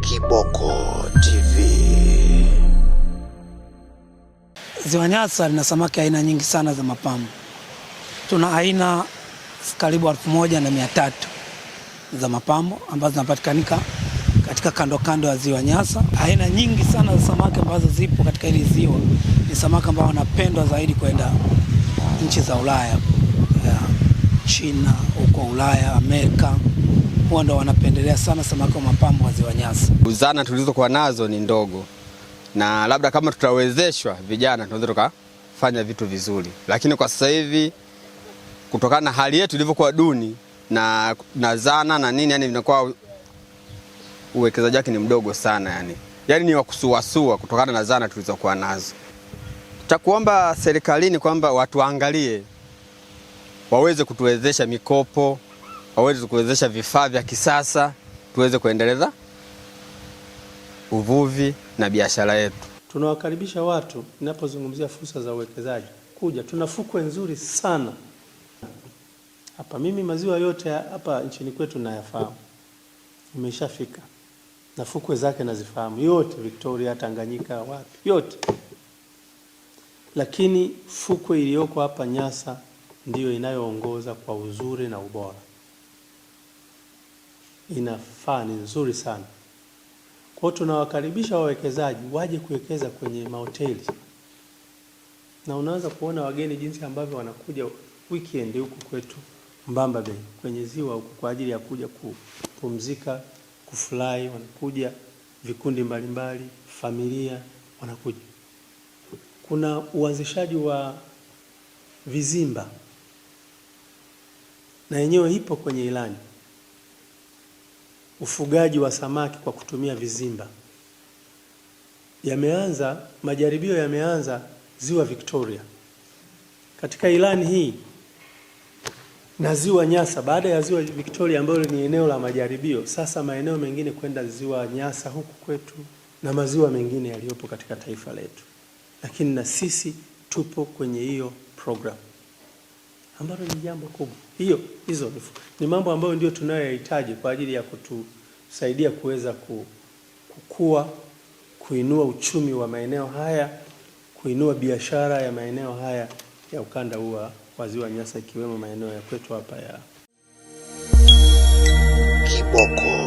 Kiboko TV. Ziwa Nyasa lina samaki aina nyingi sana za mapambo. Tuna aina karibu elfu moja na mia tatu za mapambo ambazo zinapatikanika katika kando kando ya ziwa Nyasa. Aina nyingi sana za samaki ambazo zipo katika hili ziwa ni samaki ambao wanapendwa zaidi kwenda nchi za Ulaya, ya China, huko Ulaya, Amerika huwa ndo wanapendelea sana samaki wa mapambo wa ziwa Nyasa. Zana tulizokuwa nazo ni ndogo, na labda kama tutawezeshwa vijana tunaweza tukafanya vitu vizuri, lakini kwa sasa hivi kutokana na hali yetu ilivyokuwa duni na, na zana na nini, yani vinakuwa uwekezaji wake ni mdogo sana yani, yani ni wakusuasua kutokana na zana tulizokuwa nazo. Takuomba serikalini kwamba watuangalie waweze kutuwezesha mikopo waweze kuwezesha vifaa vya kisasa tuweze kuendeleza uvuvi na biashara yetu. Tunawakaribisha watu, ninapozungumzia fursa za uwekezaji, kuja. Tuna fukwe nzuri sana hapa. Mimi maziwa yote hapa nchini kwetu nayafahamu, nimeshafika na fukwe zake nazifahamu yote, Victoria, Tanganyika, wapi yote, lakini fukwe iliyoko hapa Nyasa ndiyo inayoongoza kwa uzuri na ubora inafaa, ni nzuri sana. Kwa hiyo tunawakaribisha wawekezaji waje kuwekeza kwenye mahoteli, na unaanza kuona wageni jinsi ambavyo wanakuja weekend huku kwetu Mbamba Bay kwenye ziwa huku kwa ajili ya kuja kupumzika, kufurahi. Wanakuja vikundi mbalimbali, familia wanakuja. Kuna uanzishaji wa vizimba na yenyewe ipo kwenye ilani ufugaji wa samaki kwa kutumia vizimba. Yameanza majaribio, yameanza ziwa Victoria katika ilani hii na ziwa Nyasa. Baada ya ziwa Victoria ambalo ni eneo la majaribio, sasa maeneo mengine kwenda ziwa Nyasa huku kwetu na maziwa mengine yaliyopo katika taifa letu, lakini na sisi tupo kwenye hiyo program ambalo ni jambo kubwa. Hiyo hizo ni mambo ambayo ndio tunayoyahitaji kwa ajili ya kutusaidia kuweza kukua, kuinua uchumi wa maeneo haya, kuinua biashara ya maeneo haya ya ukanda huu wa Ziwa Nyasa ikiwemo maeneo ya kwetu hapa ya Kiboko.